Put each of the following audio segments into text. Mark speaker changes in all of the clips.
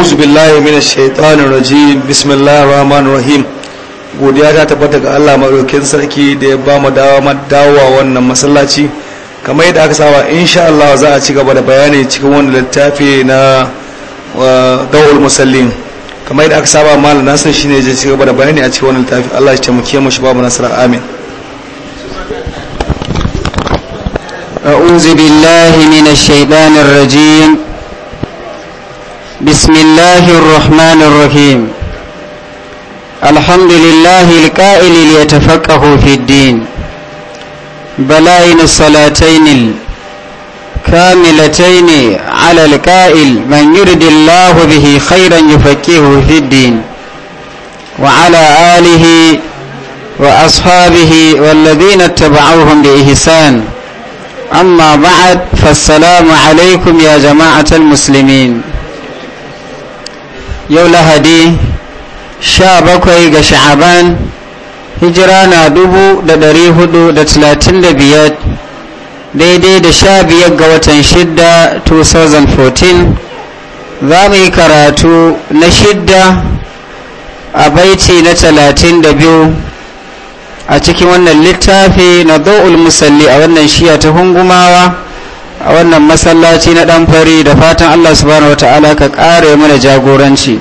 Speaker 1: a'udhu billahi minash shaitanir rajim bismillahir rahmanir rahim godiya ta tabbata ga Allah madaukakin sarki da ya ba mu dawa dawowa wannan masallaci kamar yadda aka saba insha Allah za a ci gaba da bayani cikin wannan littafi na dawul musallin kamar yadda aka saba malam na nasir shine zai ci gaba da bayani a cikin wannan littafi Allah ya taimake mu shi ba mu nasara amin أعوذ بالله من الشيطان الرجيم بسم
Speaker 2: الله الرحمن الرحيم الحمد لله القائل ليتفقه في الدين بلائن الصلاتين الكاملتين على القائل من يرد الله به خيرا يفكهه في الدين وعلى آله وأصحابه والذين اتبعوهم بإحسان أما بعد فالسلام عليكم يا جماعة المسلمين yau lahadi sha bakwai ga sha'aban hijira na dubu da dari hudu da talatin da biyar daidai da sha biyar ga watan shidda 2014 za mu yi karatu na shidda a baiti na talatin da biyu a cikin wannan littafi na zo'ul musalli a wannan shiya ta hungumawa a wannan masallaci na dan fari da fatan Allah subhanahu wataala ka kare mana jagoranci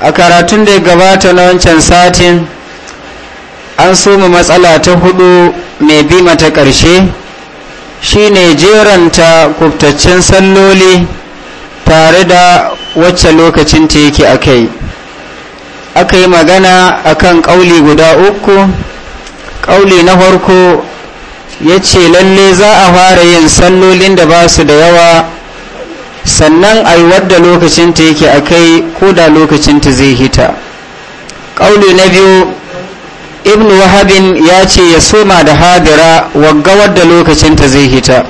Speaker 2: a karatun da ya gabata na wancan satin an so mu matsala ta hudu mai bima ta ƙarshe shine jeranta kubtaccen salloli tare da wacce lokacin ta yake a kai aka yi magana akan ƙauli guda uku ƙauli na farko ya ce lalle za a fara yin sallolin da ba su da yawa sannan a yi wadda lokacinta yake a kai ko da lokacinta zai hita ƙauli na biyu ibn wahabin ya ce ya soma da hadira wagga wadda lokacinta zai hita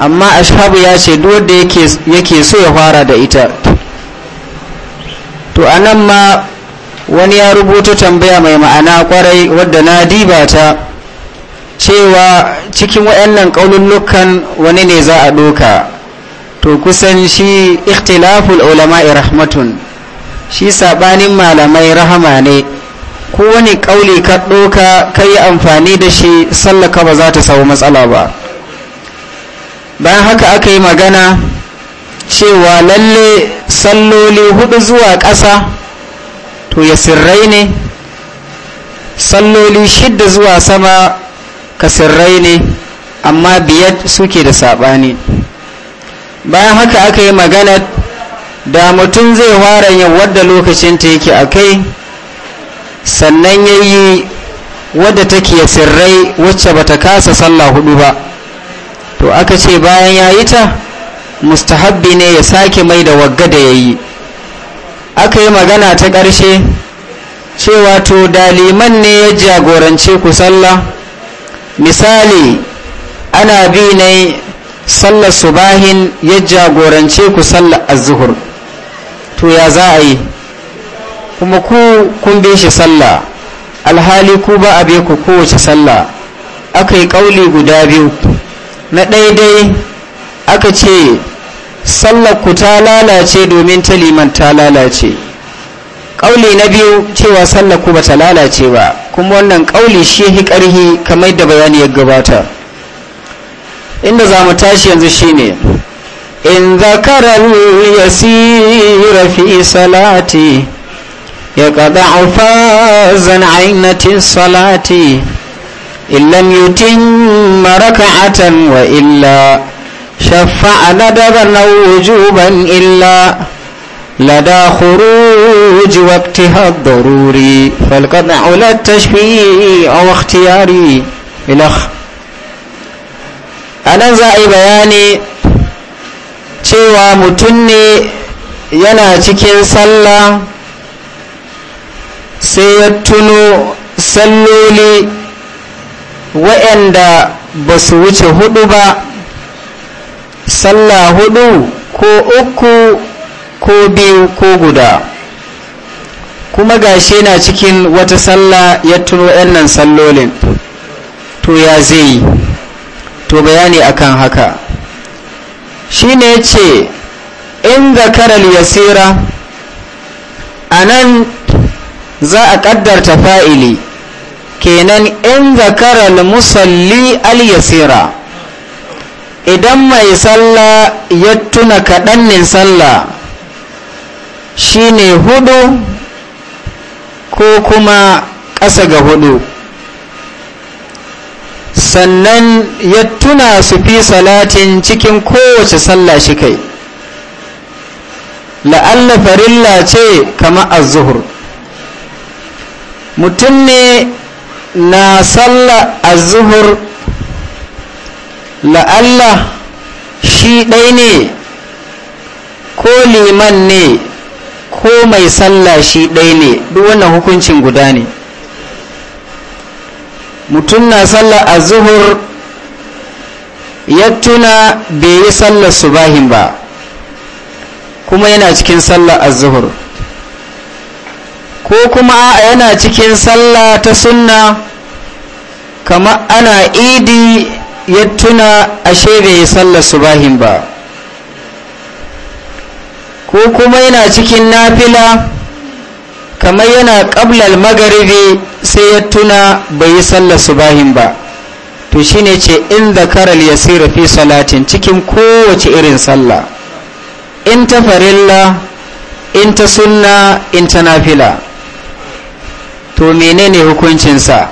Speaker 2: amma ashabu ya ce wadda yake so ya fara da ita to a nan ma wani ya rubuta tambaya mai ma'ana kwarai wadda na dibata. ta cewa cikin waɗannan ƙaunullukan wani ne za a ɗoka to kusan shi ikhtilaful ulama'i rahmatun shi saɓanin malamai rahama ne Ko wani ƙauli ka ɗoka ka yi amfani da shi sallaka ba za ta samu matsala ba bayan haka aka yi magana cewa lalle salloli hudu zuwa ƙasa to ya sirrai ne salloli shidda zuwa sama kasirrai ne amma biyar suke da saɓani bayan haka aka yi magana da mutum zai ware yin wadda lokacin ta yake a kai sannan ya yi wadda take sirrai wacce ba ta kasa sallah hudu ba to aka ce bayan ya yi ta mustahabbi ne ya sake mai da wagga da ya yi aka yi magana ta ƙarshe cewa to daliman ne ya jagorance ku sallah misali ana bi ne sallar subahin ya jagorance ku sallar azuhur to ya za a yi kuma ku kun bi shi sallah alhali ku ba a ku kowace sallah aka yi ƙauli guda biyu na daidai aka ce sallar ku ta lalace domin ta liman ta lalace ƙauli na biyu cewa sallar ku bata lalace ba kuma wannan ƙauli shi hi ƙarhi kamar da bayani ya gabata inda za mu tashi yanzu shine in zakara yasira fi salati ya qada fazan ainati salati illam yutim atan wa illa shaffa'a na wujuban illa لدى خروج وقتها الضروري فالقطع لا التشفيع أو اختياري إلخ أنا زعي بياني cewa mutum ne yana cikin sallah sai ya tuno salloli waɗanda ba su wuce hudu ba sallah hudu ko uku ko biyu ko guda kuma gashi yana cikin wata sallah ya tuno yan nan sallolin to ya zai yi to bayani akan haka shine ne ce in ya yasira a nan za a ƙaddarta fa'ili kenan in zakarar musalli al-yasira idan mai sallah ya tuna kaɗannin sallah shine hudu ko kuma ƙasa ga hudu sannan ya tuna su fi salatin cikin kowace sallah shi kai la'alla farilla ce kama azuhur mutum ne na sallah azuhur la'alla shi ɗai ne ko liman ne ko mai sallah shi ɗaya ne duk wannan hukuncin guda ne mutum na sallah a zuhur ya tuna bai yi sallar subahin ba kuma yana cikin sallar zuhur. ko kuma yana cikin sallah ta sunna kama ana idi ya tuna ashe bai yi sallar subahin ba ko kuma yana cikin nafila kamar yana ƙablal magaribi sai ya tuna bai yi sallar subahin ba to shi ne ce in zakaral yasira fi salatin cikin kowace irin sallah in ta farilla in ta sunna in ta nafila to menene hukuncinsa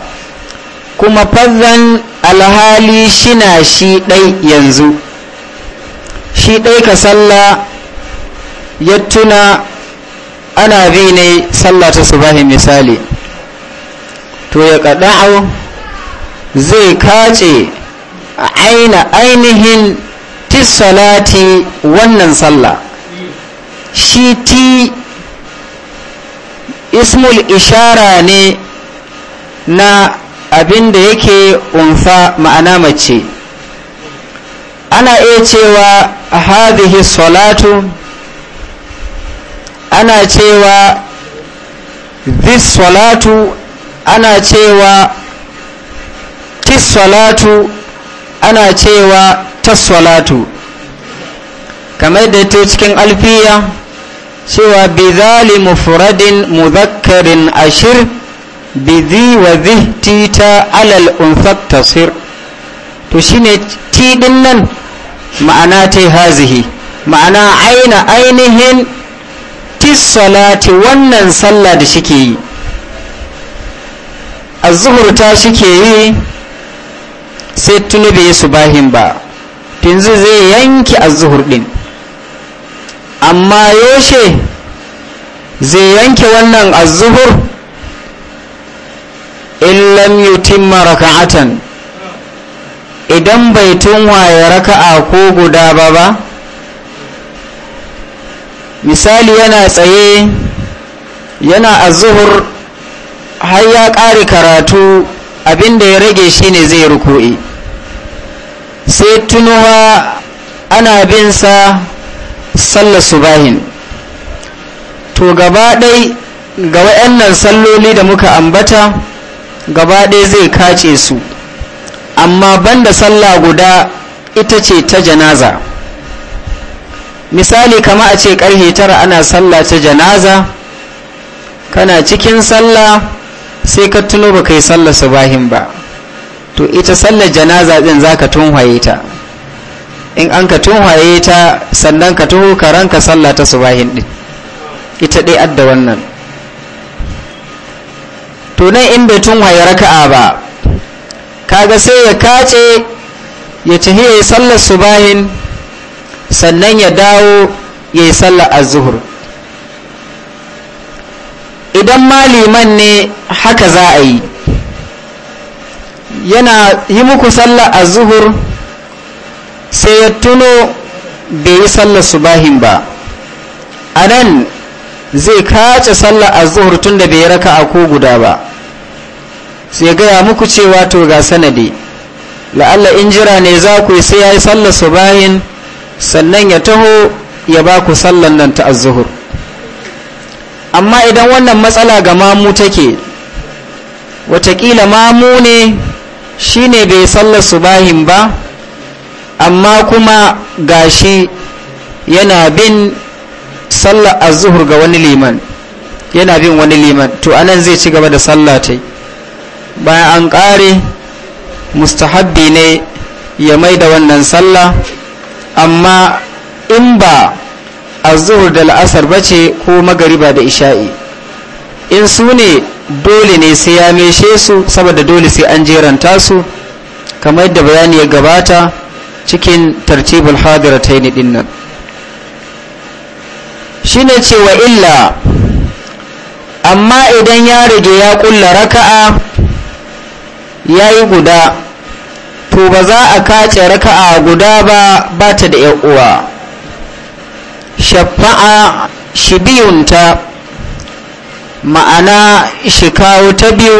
Speaker 2: kuma fazzan alhali shi na shi ɗai yanzu shi ɗai ka sallah ya tuna ana bi ne sallah ta subahi misali to ya kada'u zai kace aina ainihin tisalati wannan sallah shi ti ismul ishara ne na abin da yake unfa ma'ana mace ana iya cewa a hadhihi salatu ana cewa this salatu ana cewa tis ana cewa tas kamar da ta cikin alfiya cewa bizali mufradin muzakkarin ashir bizi wa tita alal unsat tasir to shine ti din nan ma'ana ta hazihi ma'ana aina ainihin fi salati wannan sallah da shike yi azzuhur ta shike yi sai tuni bai bahin ba tunzu zai yanki azzuhur din amma yoshe zai yanke wannan azzuhur in lam yutimma raka'atan idan bai tunwaye raka'a ko guda ba ba misali yana tsaye yana a zuhur har ya ƙare karatu abinda ya rage shine zai ruku'i sai tunuwa ana bin sa sallar subahin to gaba ga waɗannan salloli da muka ambata gaba zai kace su amma banda sallah guda ita ce ta janaza misali kama a ce karhe tara ana sallah ta janaza kana cikin sallah sai ka tuno ba kai sallah subahin ba to ita sallar janaza din za ka tunhaye ta in an ka tunhaye ta sannan ka tuho ka ranka sallah ta subahin din ita dai adda wannan to nan in bai tunhaye raka'a ba kaga sai ya kace ya tahiye sallar subahin sannan ya dawo ya yi sallar azuhur idan maliman ne haka za a yi yana yi muku sallar azuhur sai ya tuno bai yi sallar subahin ba a nan zai kace sallar azuhur tun da bai raka a ko guda ba sai gaya muku cewa to ga sanadi la'alla in jira ne za ku yi sai ya yi sallar subahin sannan ya taho ya ba ku sallan nan ta azuhur amma idan wannan matsala ga mamu take watakila mamu ne shi ne bai sallar subahin ba amma kuma gashi yana bin sallar azuhur ga wani liman yana bin wani liman to anan zai ci gaba da sallah ta bayan an ƙare mustahabbi ne ya mai da wannan sallah amma in ba a zuhur da la'asar ba ce ko magariba da isha'i in su ne dole ne sai ya meshe su saboda dole sai an jeranta su kamar yadda bayani ya gabata cikin tartibul ta yi nan shine cewa illa amma idan ya rage ya kulla raka'a ya yi guda to ba za a kace raka'a guda ba ba ta da uwa shafa'a shi biyunta ma'ana shi kawo ta biyu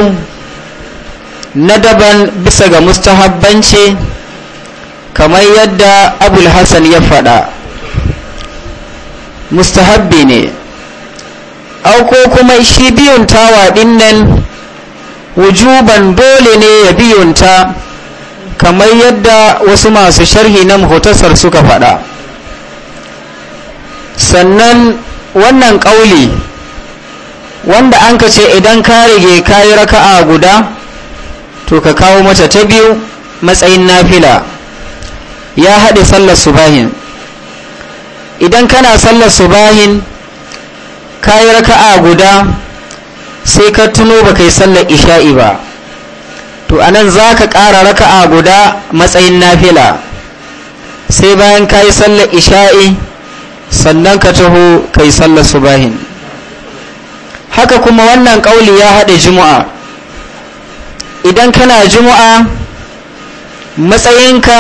Speaker 2: na daban bisa ga mustahabbanci kamar yadda abul hassan ya faɗa mustahabbi ne auko kuma shi biyunta waɗin nan wujuban dole ne ya biyunta kamar yadda wasu masu sharhi na muhtasar suka faɗa sannan wannan ƙauli wanda an ka ce idan ka rige ka yi raka'a guda to ka kawo mata ta biyu matsayin nafila ya haɗe sallar subahin idan kana sallar subahin ka yi raka'a guda sai ka tuno ba yi sallar isha'i ba to anan za ka ƙara raka'a guda matsayin nafila sai bayan ka yi sallar isha'i sannan ka taho ka yi sallar subahin haka kuma wannan ƙauli ya haɗa juma'a idan kana juma'a matsayinka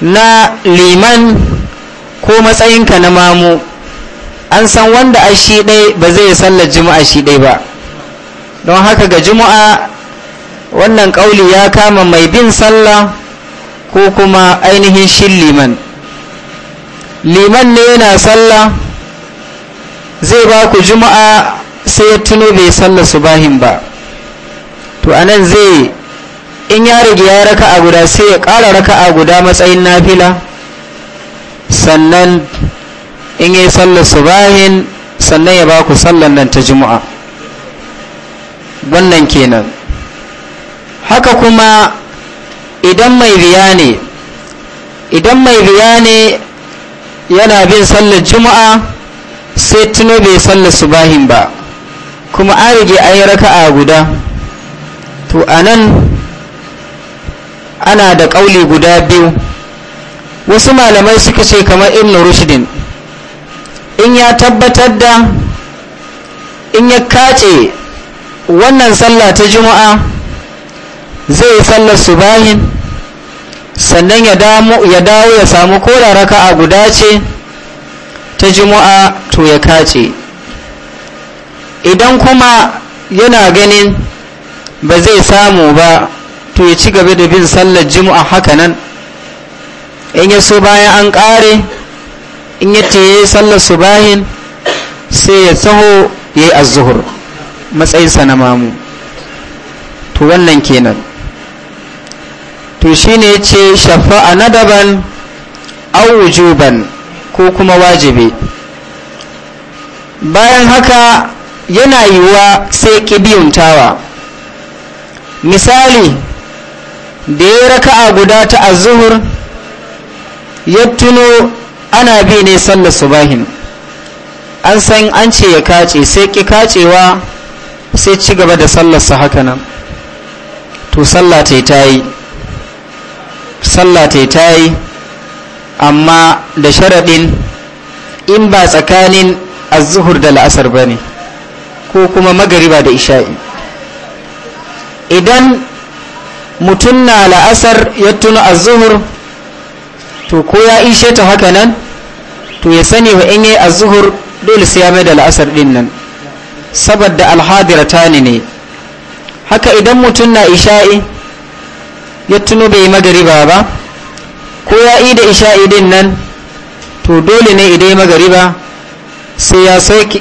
Speaker 2: na liman ko matsayinka na mamu an san wanda a shi ɗai ba zai sallar juma'a shi ɗai ba don haka ga juma'a wannan ƙauli ya kama mai bin sallah ko kuma ainihin shin liman liman ne yana sallah zai ba ku juma'a sai ya tuno bai sallah su bahin ba to anan zai in ya rage ya raka a guda sai ya ƙara raka a guda matsayin nafila sannan in ya yi sallah su sannan ya ba ku sallan nan ta juma'a wannan kenan haka kuma idan mai riya ne idan mai riya ne yana bin sallar juma'a sai tuno bai sallar subahin ba kuma an rige an yi raka'a guda to a ana da ƙauli guda biyu wasu malamai suka ce kamar ibn rushdin in ya tabbatar da in ya kace wannan sallah ta juma'a zai yi sallar subahin sannan ya dawo ya samu raka raka'a guda ce ta juma'a to ya kace idan kuma yana ganin ba zai samu ba to ya ci gaba da bin sallar juma'a hakanan in ya so bayan an kare in ya teye sallar subahin sai ya taho ya yi azuhur matsayinsa na mamu to wannan kenan to shine ce shafa'a na daban wujuban ko kuma wajibi bayan haka yana yiwuwa sai kibiyuntawa misali da ya raka a guda ta azuhur ya tuno ana bi ne sallar subahin an san an ce ya kace sai ki kacewa sai ci gaba da sallarsa haka nan to sallah ta yi ta yi sallah ta ta yi amma da sharaɗin in ba tsakanin azuhur da la'asar ba ne ko kuma magariba da isha'i idan mutum na la'asar ya tuna azuhur to ko ya ishe ta haka nan to ya sani wa in yi azuhur dole sai ya mai da la'asar ɗin nan saboda alhadirata ne ne haka idan mutum na isha'i ya tuno bai magariba ba ko ya yi da isha'i din nan to dole ne idan magariba sai ya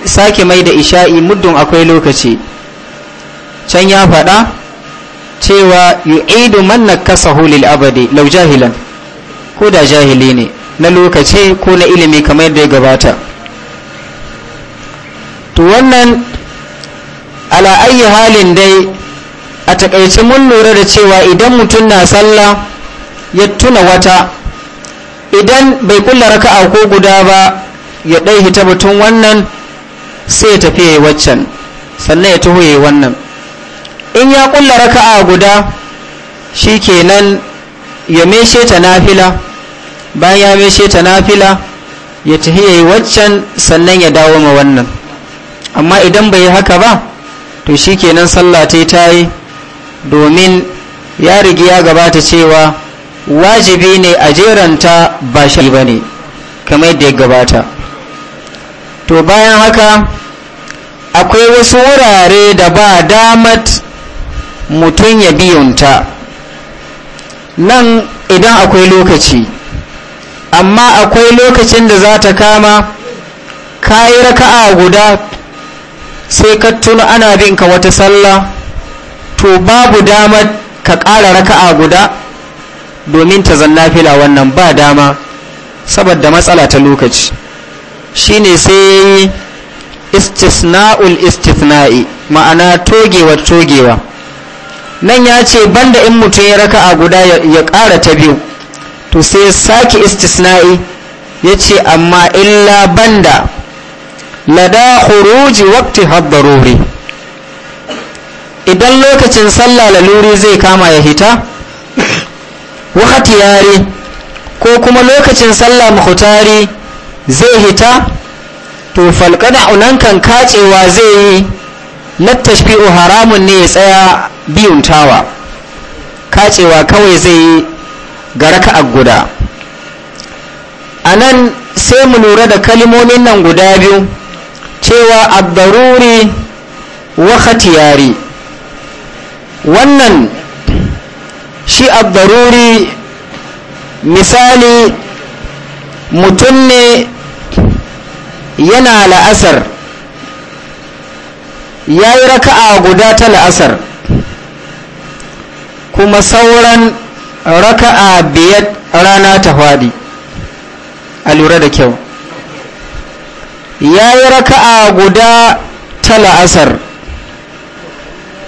Speaker 2: sake mai da isha'i muddin akwai lokaci can ya faɗa cewa yu'idu manna kasa lil abadi lau jahilan ko da jahili ne na lokaci ko na ilimi kamar yadda ya gabata to wannan ala halin dai a takaice mun lura da cewa idan mutum na sallah ya tuna wata idan bai kulla raka'a ko guda ba ya ɗai hita batun wannan sai ya tafi ya yi waccan sannan ya taho ya yi wannan in ya kulla raka'a guda shi kenan ya meshe ta nafila bayan ya meshe ta nafila ya tafi ya yi waccan sannan ya dawo ma wannan amma idan bai yi haka ba to shi kenan sallah ta yi domin ya rigi ya gabata cewa wajibi ne a jeranta ba shi ba ne kamar yadda ya gabata to bayan haka akwai wasu wurare da ba damat mutum ya biyunta nan idan akwai lokaci amma akwai lokacin da za ta kama kayi raka'a guda sai ka tuna ana binka wata sallah to babu damar ka ƙara raka'a guda domin ta zanna fila wannan ba dama saboda matsala ta lokaci shine sai istisna'ul istisna'i ma'ana togewa togewa nan ya ce banda in mutum ya raka'a guda ya ƙara ta biyu to sai ya sake istisna'i ya ce amma illa banda lada huruji wakti hadaruri idan lokacin sallah laluri zai kama ya hita wakati yare ko kuma lokacin sallah mahutari zai hita to falkada unan kacewa zai yi na tashfi'u haramun ne ya tsaya biyun tawa kacewa kawai zai yi ga raka'a guda a nan sai mu lura da kalimomin nan guda biyu cewa abdaruri wa khatiyari wannan shi abdaruri misali mutum ne yana la'asar ya yi raka'a guda ta la'asar kuma sauran raka'a biyar rana ta hwadi a lura da kyau ya yi raka'a guda ta la'asar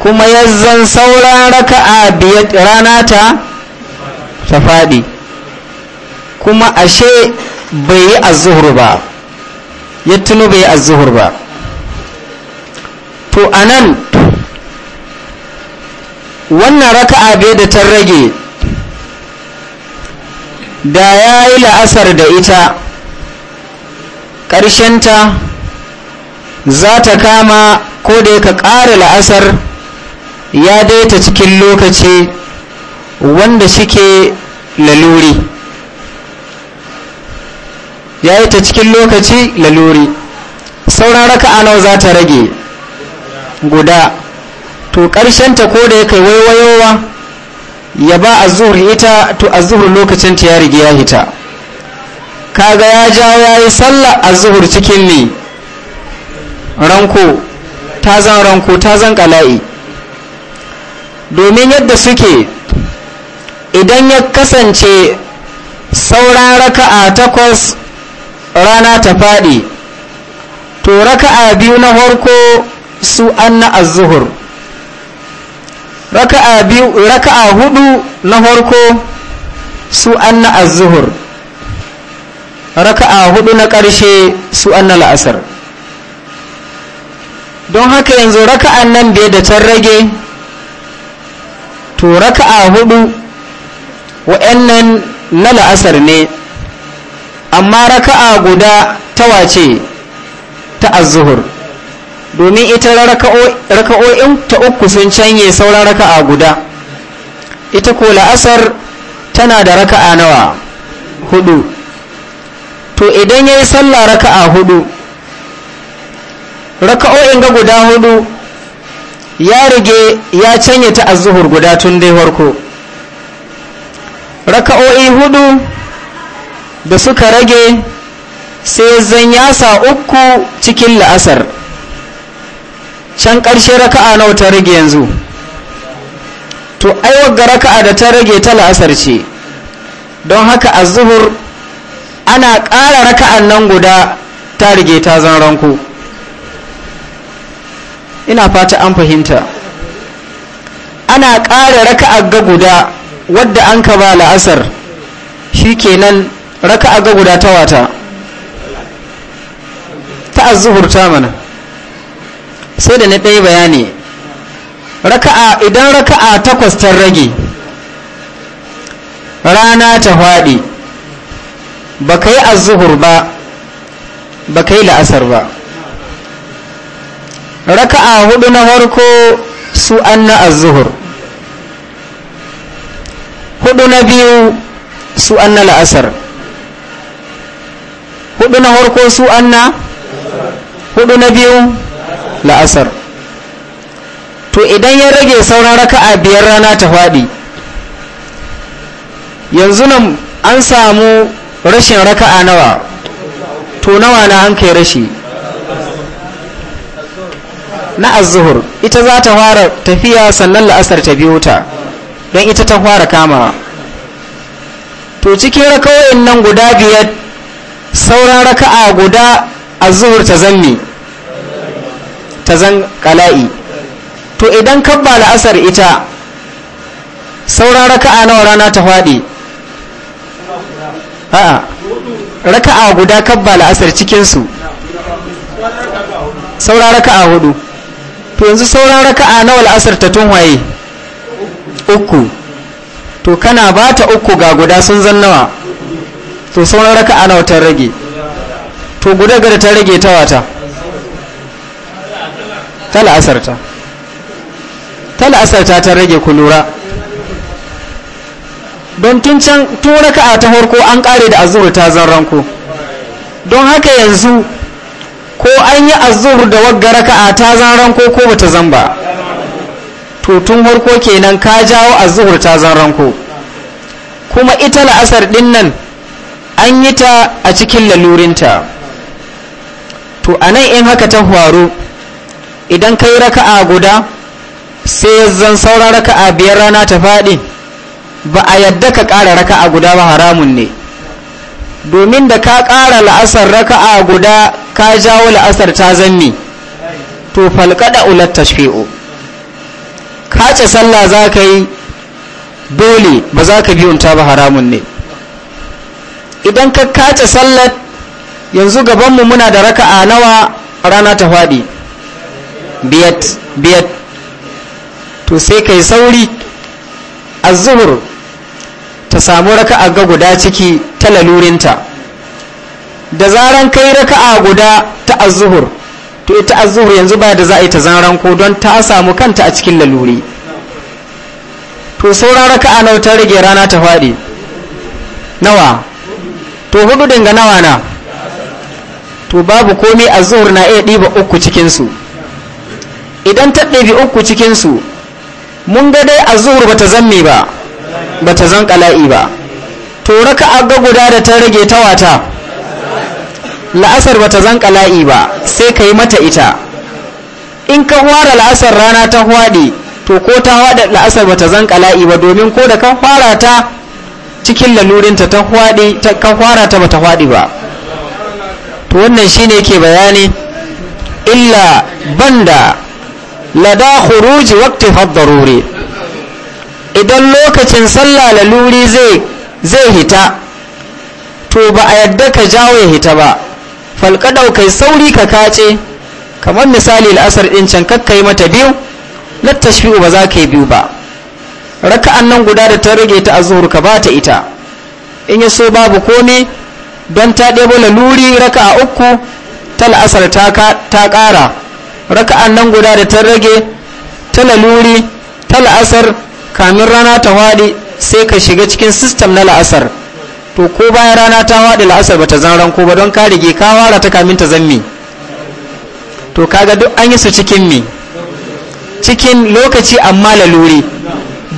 Speaker 2: kuma yazzan sauran raka'a biyar rana ta ta faɗi kuma ashe bai yi azuhur ba ya tuno bai yi azuhur ba to a nan wannan raka'a biyar da ta rage da ya yi la'asar da ita ƙarshenta za ta kama ko da ya ka ƙara la'asar ya daita cikin lokaci wanda suke laluri ya yi ta cikin lokaci laluri sauran raka nawa za ta rage guda to ta ko da ya kai waiwayowa ya ba a zuhur ita to a zuhur lokacin ta ya rige ya hita kaga ya jawo ya yi sallar a zuhur cikin ne ranko ta zan ranko ta zan ƙala'i domin yadda suke idan ya kasance sauran raka'a takwas rana ta faɗi to raka'a biyu na farko su an na azuhur raka'a biyu raka'a hudu na farko su an na azuhur raka'a hudu na ƙarshe su an na la'asar don haka yanzu raka'an nan bai da can rage to raka'a hudu wa'annan na la'asar ne amma raka'a guda ta wace ta azuhur domin ita raka'o'in ta uku sun canye sauran raka'a guda ita ko la'asar tana da a nawa hudu to idan ya yi sallah raka'a hudu raka'o'in ga guda hudu ya rige ya canye ta azuhur guda tun dai warko raka'o'i hudu da suka rage sai zan sa uku cikin la'asar can ƙarshe raka'a nawa ta rage yanzu to ga raka'a da ta rage ta la'asar ce don haka azuhur ana ƙara raka'an nan guda ta rige ta zan ranku ina fata an fahimta ana ƙara raka'a ga guda wadda an ka ba la'asar shi kenan raka'a ga guda ta wata ta azuhurta mana sai da na ɗaya bayani raka'a idan raka'a takwas ta rage rana ta faɗi ba ka yi azuhur ba ba ka yi la'asar ba raka'a hudu na farko su anna az-zuhur hudu na biyu su anna la'asar hudu na farko su anna hudu na biyu la'asar to idan ya rage sauran raka'a biyar rana ta faɗi yanzu nan an samu rashin raka'a nawa to nawa na an kai rashi na azuhur ita za ta fara tafiya sannan la'asar ta biyo ta don ita ta fara kama to cikin raka'o'in nan guda biyar sauran raka'a guda azuhur ta zanni ta zan kala'i to idan kabba la'asar ita sauran raka'a nawa rana ta faɗi raka'a guda kabba la'asar cikinsu sauraraka raka'a hudu to yanzu sauran raka'a nawa al'asar ta tun waye uku to kana ba ta uku ga guda sun zan nawa to sauran raka'a nawa ta rage to guda gada ta rage ta wata ta al'asar ta ta al'asar ta ta rage ku lura don tun can tun raka'a ta farko an kare da azuru ta zan ranko don haka yanzu ko an yi azur da wagga raka'a ta zan ranko ko bata zan ba to tun harko kenan ka jawo azur ta zan ranko kuma ita la'asar din nan an yi ta a cikin lalurinta to a nan in haka ta faru idan ka yi raka'a guda sai zan sauran raka'a biyar rana ta faɗi ba a yadda ka ƙara raka'a guda ba haramun ne domin da ka ƙara la'asar raka'a guda ka jawo la'asar ta zanni to falkada ulat tashfi'u ka ce sallah za ka yi dole ba za ka ta ba haramun ne idan ka kace sallar yanzu gabanmu muna da raka'a nawa rana ta faɗi biyat biyat to sai kai sauri azzuhur ta samu raka'a ga guda ciki ta lalurinta da zaran kai raka'a guda ta azuhur to ita azuhur yanzu ba da za a yi ta zaran ko don ta samu kanta a cikin laluri to sauran raka'a nawa ta rage rana ta faɗi nawa to hudu dinga nawa na to babu komai azuhur na iya ɗiba uku cikinsu idan ta ɗibi uku cikinsu mun ga dai azuhur ba ta zamme ba ba ta zan kala'i ba to raka ga guda da ta rage ta wata la'asar ba ta zan kala'i ba sai ka yi mata ita in ka fara la'asar rana ta hwaɗe to ko ta hwaɗe la'asar ba ta zan kala'i ba domin ko da ka fara ta cikin lalurinta ta hwaɗe ka fara ta ba ta hwaɗe ba to wannan shine ke bayani illa banda lada khuruji waqti hadaruri idan lokacin sallah laluri zai hita to ba a yadda ka jawo ya hita ba ka kai sauri ka kace kamar misali la'asar ɗin can kakka yi mata biyu na tashfi'u ba za ka yi biyu ba raka'an nan guda da ta rage ta a ka ba ta ita in ya so babu komi don ta ɗebo laluri raka'a uku ta la'asar ta ƙara raka'an nan guda da ta rage ta laluri ta la'asar kamin rana ta waɗe sai ka shiga cikin sistem na la'asar to ko bayan rana ta waɗe la'asar ba ta zan ranko ba don ka rige ka wara ta kamin ta zan mi to kaga duk an yi su cikin mi cikin lokaci amma laluri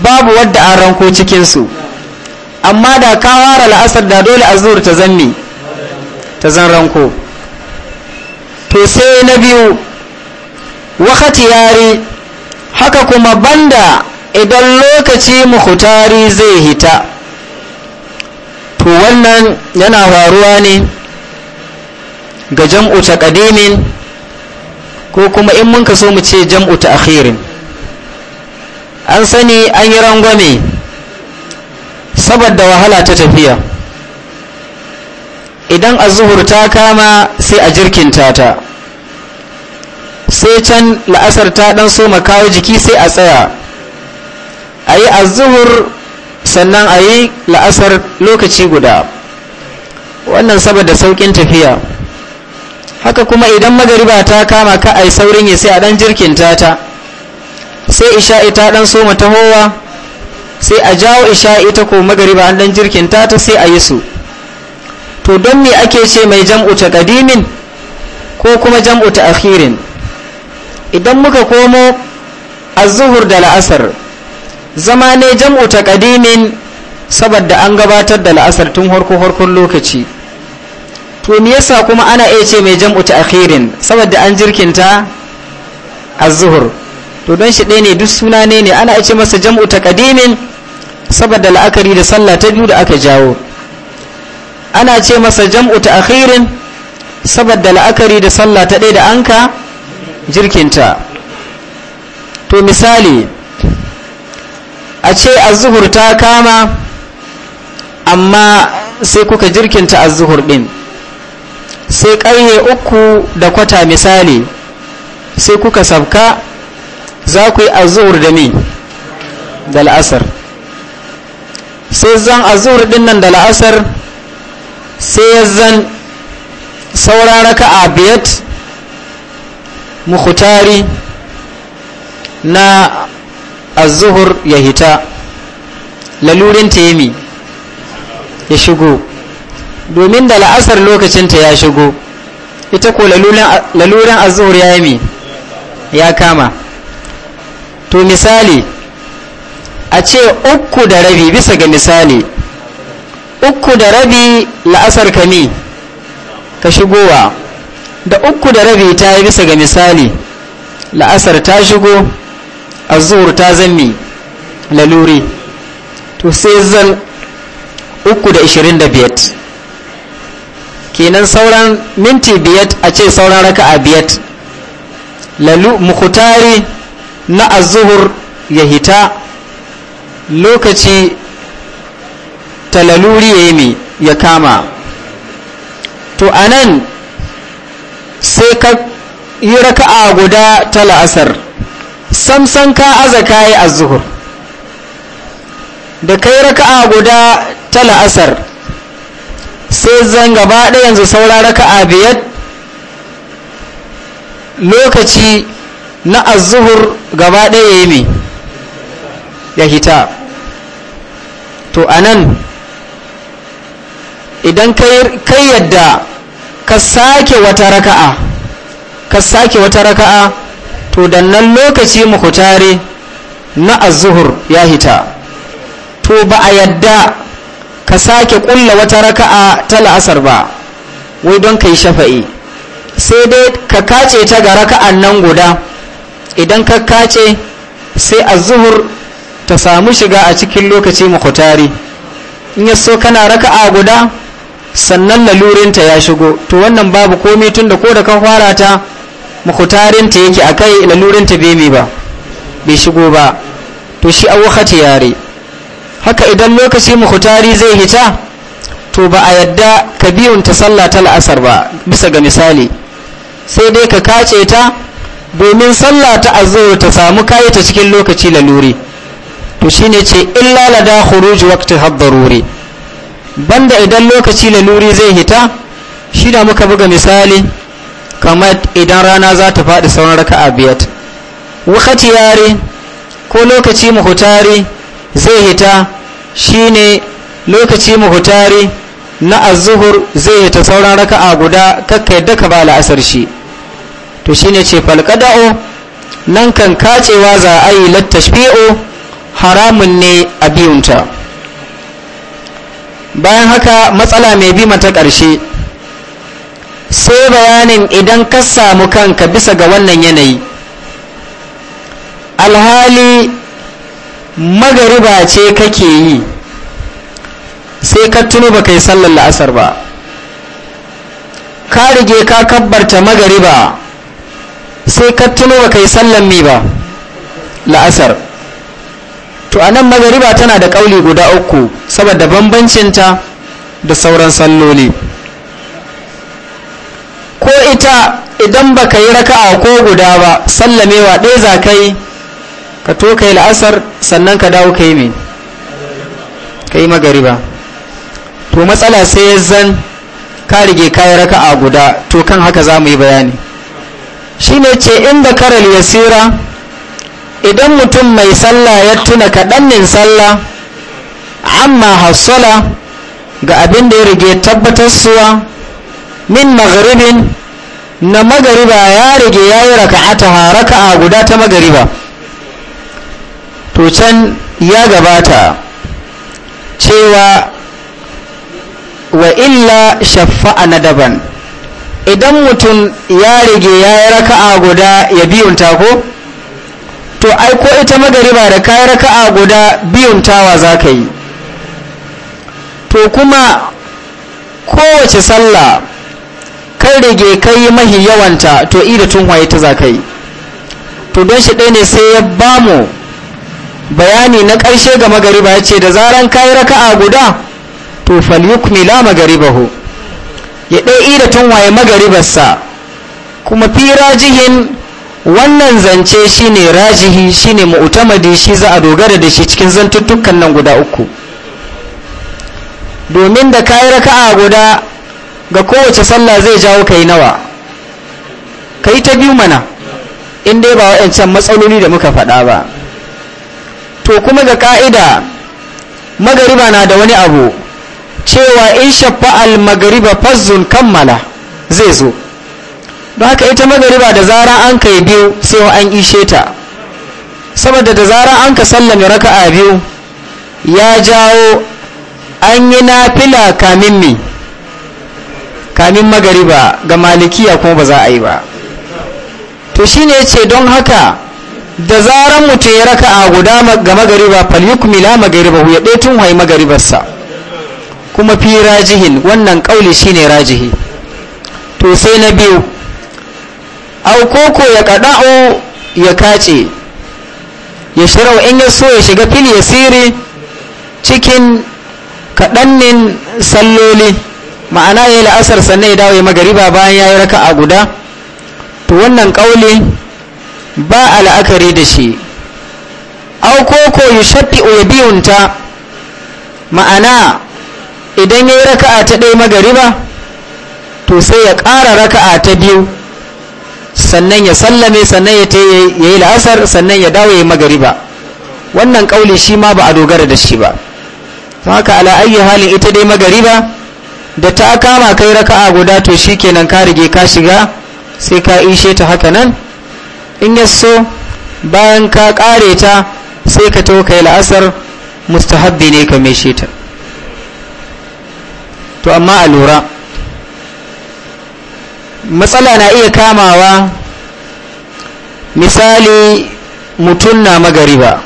Speaker 2: babu wadda an ranko cikinsu amma da ka wara la'asar da dole azur ta zan mi ta zan ranko to sai na biyu wakati yare haka kuma banda idan lokaci mukutari zai hita to wannan yana faruwa ne ga jam'u ta ƙadimin ko kuma in mun so mu ce jam'u ta akhirin an sani an yi rangwame saboda wahala ta tafiya idan azuhur ta kama sai a jirkinta ta sai can la'asar ta ɗan so kawo jiki sai a tsaya a yi azuhur sannan a yi la'asar lokaci guda wannan saboda saukin tafiya haka kuma idan magariba ta kama ka a yi saurin ya sai a ɗan jirkinta ta sai isha'i ta ɗan soma tahowa sai a jawo isha'i ta ko magariba an ɗan jirkinta ta sai a yi su to don me ake ce mai jam'uta ta ƙadimin ko kuma jam'uta ta akhirin idan muka komo azuhur da la'asar zama ne jam'u kadimin saboda an gabatar da la'asar tun harko harkon lokaci to me yasa kuma ana iya ce mai jam'u akhirin saboda an jirkinta az zuhur to don shi ɗaya ne duk suna ne ne ana ce masa jam'u kadimin saboda la'akari da sallah ta biyu da aka jawo ana ce masa jam'u akhirin saboda la'akari da sallah ta ɗaya da anka jirkinta to misali a ce azuhur ta kama amma sai kuka jirkinta azuhur din sai ƙarye uku da kwata misali sai kuka sabka za ku yi azuhur da ni da la'asar sai zan azuhur din nan da la'asar sai ya zan saura raka a biyat mukutari na azuhur ya hita lalurin ta yami ya shigo domin da la'asar lokacinta ya shigo ita ko laluran azuhur ya yami ya kama to misali a ce uku da rabi bisa ga misali uku da rabi la'asar kami ka shigowa da uku da rabi ta yi bisa ga misali la'asar ta shigo azur ta zanni laluri to sai zan uku da ishirin da biyat kenan sauran minti biyat a ce sauran raka a biyat lalu mukutari na azuhur ya hita lokaci ta laluri ya yi ya kama to anan sai ka yi raka'a guda ta la'asar samsan ka aza kayi azuhur da kai raka'a guda ta la'asar sai zan gaba ɗaya yanzu saura raka'a biyar lokaci na azuhur gaba ɗaya ya yi ya hita to anan nan idan kai yadda ka sake wata raka'a ka sake wata raka'a to nan lokaci muhtare na azuhur ya hita to ba a yadda ka sake kulla wata raka'a ta la'asar ba wai don ka shafa'i sai dai ka kace ta ga raka'an nan guda idan ka kace sai azuhur ta samu shiga a cikin lokaci muhtari in ya so kana raka'a guda sannan lalurinta ya shigo to wannan babu komai tun da ko da ka fara ta ta yake a kai lalurinta bai ba bai shigo ba to shi an wakati yare haka idan lokaci mukhtari zai hita to ba a yadda ka biyun ta sallah ta la'asar ba bisa ga misali sai dai ka kace ta domin sallah ta azhar ta samu kayi ta cikin lokaci laluri to shine ce illa lada khuruj waqti hadaruri banda idan lokaci laluri zai hita shi da muka buga misali kamar idan rana za ta faɗi sauran raka'a biyar wakati yare ko lokaci mahutari zai hita shine lokaci mahutari na azuhur zai hita sauran raka'a guda kakka yadda ka ba la'asar shi to shine ce falkada'o nan kan kacewa za a yi lattashfi'o haramun ne a biyunta bayan haka matsala mai bi mata ƙarshe sai bayanin idan ka samu kanka bisa ga wannan yanayi alhali magariba ce kake yi sai ka tuno ba kai sallar la'asar ba ka rige ka kabbarta magariba sai ka tuno ba kai sallar mi ba la'asar to a nan magariba tana da ƙauli guda uku saboda bambancinta da sauran salloli idan baka yi raka'a ko guda ba sallamewa ɗaya za ka yi ka to kai la'asar sannan ka dawo ka yi mai ka yi ba to matsala sai ya zan ka rige ka yi raka'a guda to kan haka za mu yi bayani shi ne ce inda karal yasira idan mutum mai sallah ya tuna kaɗannin sallah amma hassala ga abin da ya rige tabbatar suwa min magharibin na magariba ya rage ya yi raka'ataha raka'a guda ta magariba to can ya gabata cewa wa illa shafa'a na daban idan mutum ya rage ya yi raka'a guda ya biyunta ko to ai ko ita magariba da ka yi raka'a guda biyuntawa za ka yi to kuma kowace sallah kai rage kai mahi yawanta to ida tun waye ta za kai to don shi ɗaya ne sai ya bamu bayani na ƙarshe ga magariba ya ce da zaran kayi raka'a guda to falyuk falyukmila magaribahu ya ɗaya ida tun waye magaribarsa kuma fi rajihin wannan zance shine rajihi shine mu'tamadi shi za a dogara da shi cikin zantuttukan nan guda uku domin da kayi raka'a guda ga kowace sallah zai jawo ka yi nawa ka yi ta biyu mana in dai ba waɗancan matsaloli da muka faɗa ba to kuma ga ka'ida magariba na da wani abu cewa in shafa'al magariba fazzun kammala zai zo don haka ita magariba da zara an kai biyu sai an ishe ta saboda da zara an ka raka raka'a biyu ya jawo an yi fila kamin mi kamin magariba ga malikiya kuma ba za a yi ba to shine ce don haka da zaran mutum ya raka a guda ga magariba magari magariba ya ɗaya tun hayi magaribarsa kuma fi rajihin wannan ƙauli shine rajihi to sai na biyu au ya kadau ya kace ya shirau in ya so ya shiga fil ya siri cikin kaɗannin salloli ma'ana ya yi la'asar sannan ya dawo ya magariba bayan ya yi raka a guda to wannan ƙauli ba a la'akari da shi aukoko yi shaɗi ya biyunta ma'ana idan ya yi raka'a ta ɗaya magariba to sai ya ƙara raka'a ta biyu sannan ya sallame sannan ya yi la'asar sannan ya dawo ya yi magariba wannan ƙauli shi ma ba a dogara da shi ba haka ala ayyi halin ita dai magariba da ta kama kai raka'a guda to shi kenan ka rige ka shiga sai ka ishe ta haka nan in ya so bayan ka kare ta sai ka to kai la'asar mustahabbi ne ka meshe ta to amma a lura matsala na iya kamawa misali mutum na magariba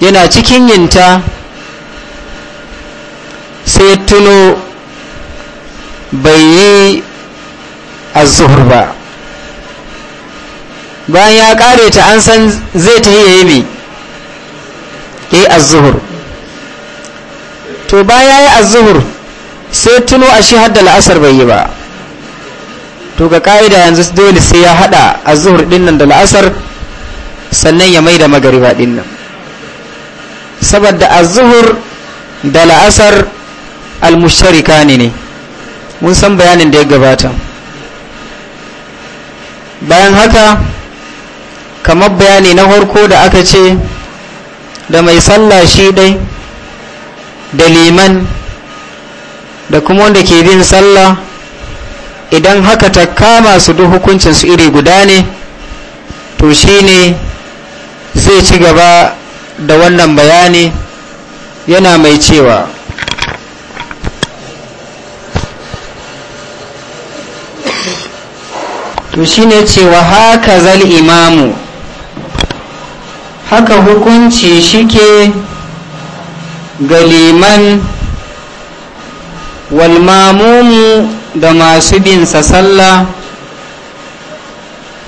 Speaker 2: yana cikin yinta sai ya tuno bai yi azuhur ba bayan ya kare ta an san zai ta yi mai ya yi azuhur to bayan ya yi azuhur sai tuno a shi hadda la'asar bai yi ba to ga ka'ida yanzu dole sai ya hada azuhur din nan da la'asar sannan ya mai da magariba din nan saboda azuhur da la'asar almusharika ne ne mun san bayanin da ya gabata bayan haka kamar bayani na farko da aka ce da mai sallah shi dai da liman da kuma wanda ke bin sallah idan haka ta kama su duk hukuncin su iri guda ne to shi ne zai ci gaba da wannan bayani yana mai cewa to shine cewa haka zal imamu haka hukunci shike ga liman walmamumu da masu bin sallah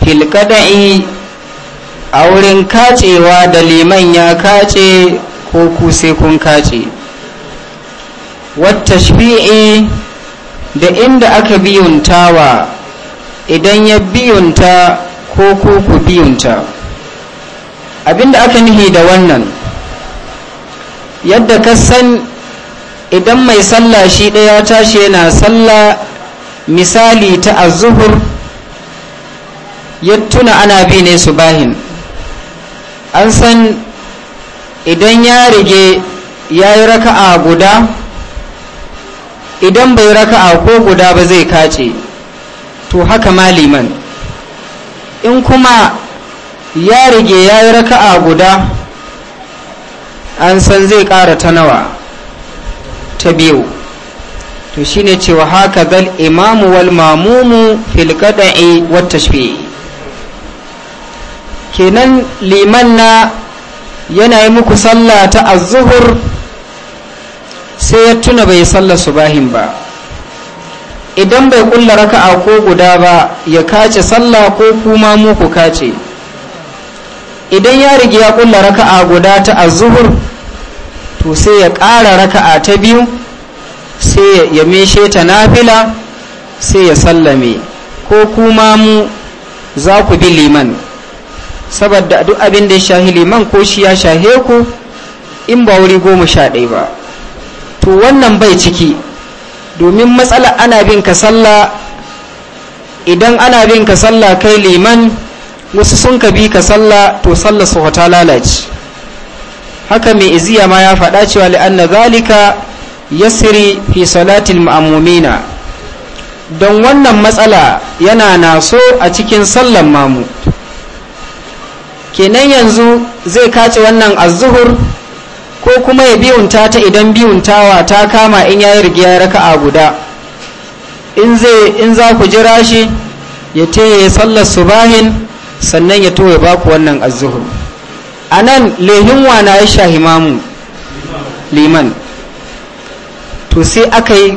Speaker 2: filkada'i a wurin kacewa da liman ya kace ko ku sai kun kace wata shafi'i da inda aka biyuntawa idan ya biyunta ko ko ku biyunta abinda aka nihi da wannan yadda ka san idan mai sallah shi ɗaya tashi yana sallah misali ta azuhur ya tuna ana bi ne su bahin an san idan ya rige ya yi raka'a guda idan bai raka'a ko guda ba zai kace to haka ma liman in kuma ya rige ya yi raka'a guda an san zai ƙara ta nawa ta biyu to shine cewa haka zal imamu wal mamumu fil wata shi kenan liman na yana yi muku sallah ta azuhur sai ya tuna bai sallar subahin ba idan bai kulla raka'a ko guda ba ya kace sallah ko kuma mu ku kace idan ya rigi ya kulla raka'a guda ta azuhur to sai ya ƙara raka'a ta biyu sai ya meshe ta nafila sai ya sallame ko kuma mu za ku bi liman saboda duk abin da ya shahi liman ko shi ya shahe ku in ba wuri goma sha ɗaya ba to wannan bai ciki domin matsala ana bin ka sallah idan ana bin ka salla kai liman wasu sun ka bi ka salla to sallah su wata lalace haka mai iziya ma ya faɗa cewa li'anna zalika yasiri fi salatil ma'amumina don wannan matsala yana naso a cikin sallan mamu kenan yanzu zai kace wannan zuhur? ko kuma ya biyunta ta idan biyuntawa ta kama in ya yayi rigiya raka'a guda in zai in za ku jira shi ya taya sallar subahin sannan ya ya baku wannan azzuhur a nan lehin wana ya sha himamu liman to sai aka yi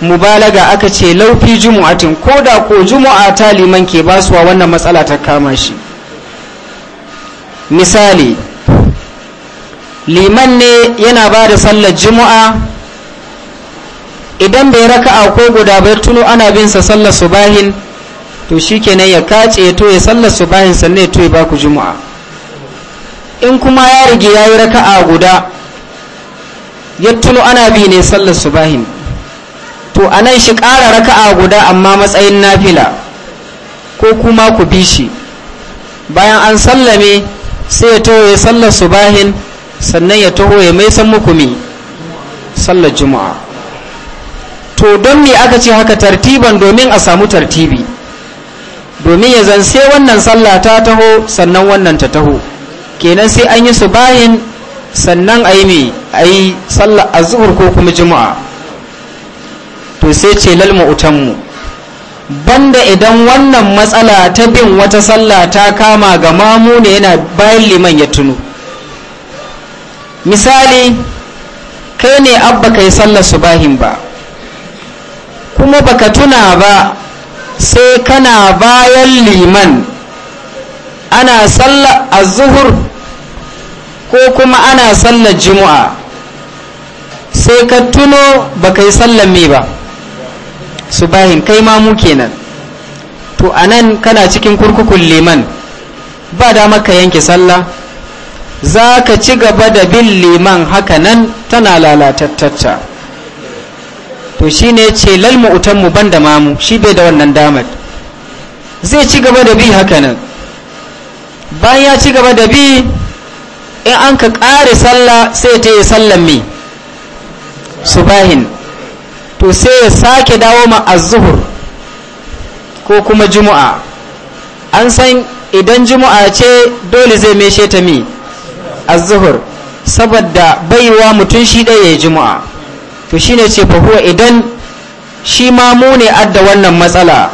Speaker 2: mubalaga aka ce laufi jumu'atin ko da ko jumu'a ta liman ke basuwa wannan matsala ta kama shi misali liman ne yana ba da sallar juma'a idan bai raka'a ko guda bai tuno ana bin sa sallar subahin to shikenan ya kace ya to ya sallar subahin sannan ya to ya baku juma'a in kuma ya rige ya yi raka'a guda ya tuno ana bi ne sallar subahin to anan shi ƙara raka'a guda amma matsayin nafila ko kuma ku bi shi bayan an sallame sai ya to ya sallar subahin sannan ya taho ya mai san muku mi sallar juma'a to don me aka ce haka tartiban domin a samu tartibi domin ya zan sai wannan sallah ta taho sannan wannan ta taho kenan sai an yi su bayin sannan a yi me a yi sallar azuhur ko kuma juma'a to sai ce lalma utanmu banda idan wannan matsala ta bin wata sallah ta kama ga mamu ne yana bayan liman ya tuno misali kai ne abba kai sallar subahin ba kuma baka tuna ba sai kana bayan liman ana sallar azuhur ko kuma ana sallar jimu'a sai ka tuno ba yi sallar me ba subahin kai mamu kenan to anan kana cikin kurkukun liman ba da maka yanke sallah za ka ci gaba da bin liman hakanan tana lalatattata to shi ne ce lalmautanmu ban da mamu shi bai da wannan damar zai ci gaba da bi hakanan bayan ya ci gaba da bi in an ka ƙare sallah sai ta yi sallan mai subahin to sai ya sake dawo ma azuhur ko kuma juma'a an san idan juma'a ce dole zai meshe ta mi a zuhur saboda baiwa mutum shi ɗaya ya juma'a to shine ce fa idan shi ma mu ne adda wannan matsala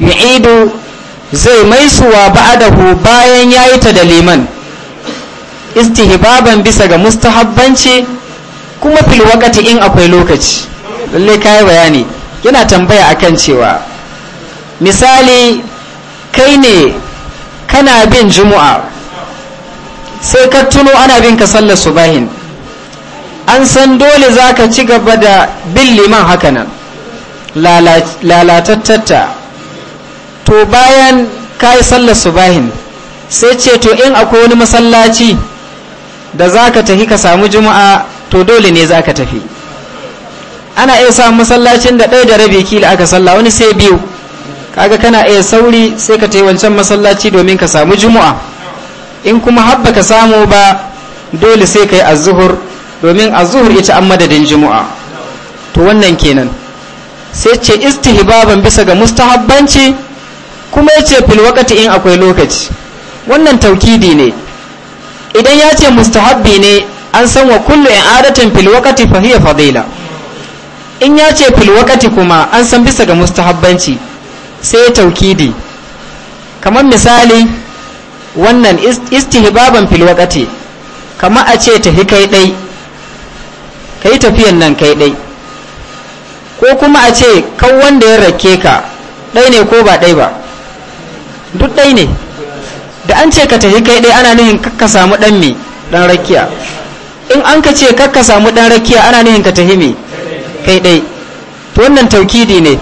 Speaker 2: yu'idu zai mai maisuwa ba'adahu bayan yayi ta da liman istihbaban bisa ga mustahabbanci kuma fil waqti in akwai lokaci lalle kai bayani yana tambaya akan cewa misali kai ne kana bin juma'a sai ka tuno ana bin ka sallar subahin an san dole za ka ci gaba da bin liman hakanan lalatattata to bayan ka yi sallar subahin sai ce to in akwai wani masallaci da za ka tafi ka samu juma'a to dole ne za ka tafi ana iya samun masallacin da ɗaya da rabi kila aka salla wani sai biyu kaga kana iya sauri sai ka tafi wancan masallaci domin ka samu juma'a in kuma Habba ka samu ba dole sai ka yi azuhur domin azuhur ita an madadin jimu'a. to wannan kenan sai ce istihbaban bisa ga mustahabbanci kuma ya ce fil in akwai lokaci wannan taukidi ne idan ya ce mustahabbi ne an san wa kullu in fil filwakati fa hiya fadila in ya ce fil kuma an san bisa ga mustahabbanci sai taukidi kamar misali wannan istihbaban fil waqati kama a ce tafi kai dai kai tafiyan nan kai dai ko kuma a ce kan wanda ya rake ka dai ne ko ba dai ba duk dai ne da an ce ka tafi kai dai ana nihin kakka samu dan mi dan rakiya in an ka ce kakka samu dan rakiya ana nihin ka tafi me kai dai to wannan taukidi ne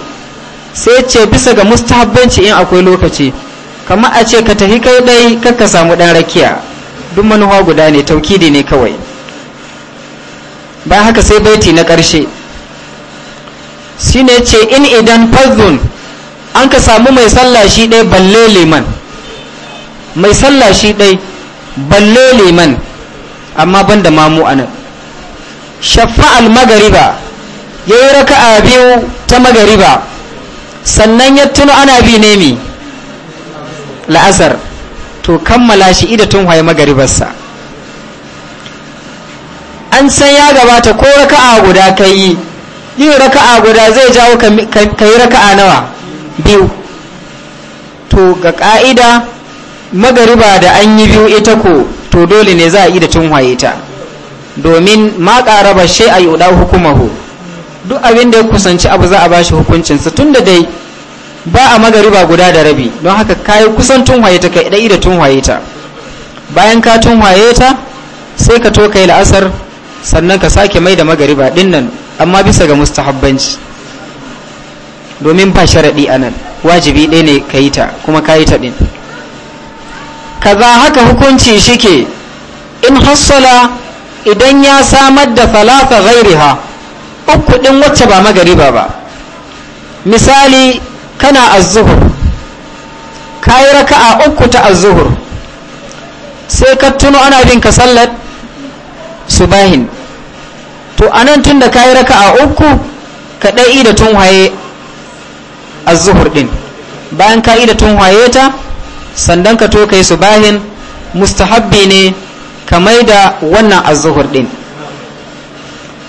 Speaker 2: sai ce bisa ga mustahabbanci in akwai lokaci kamar a ce ka tafi kai dai kaka samu dan rakiya duk manuwa guda ne taukidi ne kawai ba haka sai baiti na ƙarshe shine ce in idan fazun an ka samu mai sallah shi ɗai balle liman mai sallah shi ɗai balle liman amma ban mamu a nan shafa'al magariba ya yi raka'a biyu ta magariba sannan ya tuno ana bi ne mi la'asar to kammala shi ida tun waye magaribarsa an san ya gabata ko raka'a guda ka yi yin raka'a guda zai jawo ka yi raka'a nawa biyu to ga ka'ida magariba da an yi biyu ita ko to dole ne za a ida tun waye ta domin ma ƙaraba shi a yi hukumahu duk abin da ya kusanci abu za a bashi hukuncinsa tun da dai ba a magariba guda da rabi don haka kayi kusan tunwaye ta kai dai da tunwaye ta bayan ka tunwaye ta sai ka to kai la'asar sannan ka sake mai da magariba dinnan nan amma bisa ga mustahabbanci domin ba sharaɗi a wajibi ɗaya ne ka yi ta kuma ka yi ta ɗin kaza haka hukunci shike in hassala idan ya samar da talata gairiha uku ɗin wacce ba magariba ba misali kana azzuhur ka yi raka'a uku ta azzuhur sai ka tuno ana bin ka sallar subahin to anan tun da ka yi raka'a uku ka ɗai da tun waye azuhur ɗin bayan ka yi da tun waye ta sandan ka to ka yi subahin mustahabbi ne ka mai da wannan azzuhur ɗin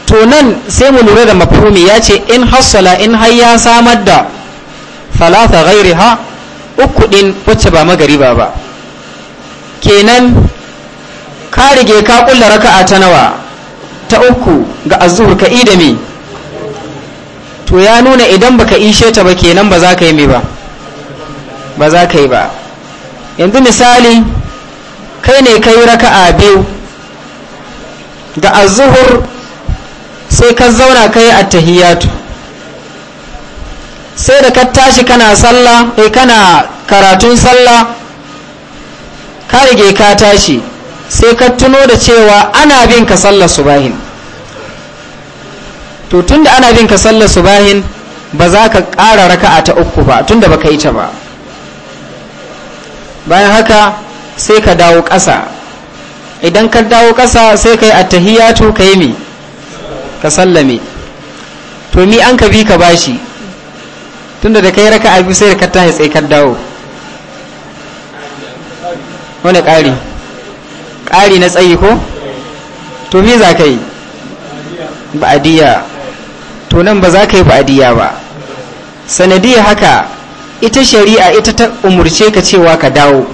Speaker 2: to nan sai mu lura da mafhumi ya ce in hassala in har ya samar da falata ha uku din wacce ba magariba ba kenan ka rige ka kulla raka'a ta nawa ta uku ga azhur ka ida me to ya nuna idan baka ishe ta ba kenan ba za ka yi me ba ba za ka yi ba yanzu misali kai ne kai raka'a biyu ga Azuhur sai ka zauna kai attahiyatu sai da ka tashi kana sallah eh kana karatun sallah ka rige ka tashi sai ka tuno da cewa ana bin ka sallar subahin to tunda ana bin ka sallar subahin ba za ka ƙara raka'a ta uku ba tunda baka yi ta ba bayan haka sai ka dawo ƙasa idan ka dawo ƙasa sai ka yi attahiyatu ka yi mi ka sallame to ni an ka bi ka bashi tunda da kai raka abu sai ka tahi sai ka dawo wani ƙari ƙari na tsayi ko to me za ka yi ba'adiyya to nan ba za ka yi ba'adiyya ba sanadiyya haka ita shari'a ita ta umurce ka cewa ka dawo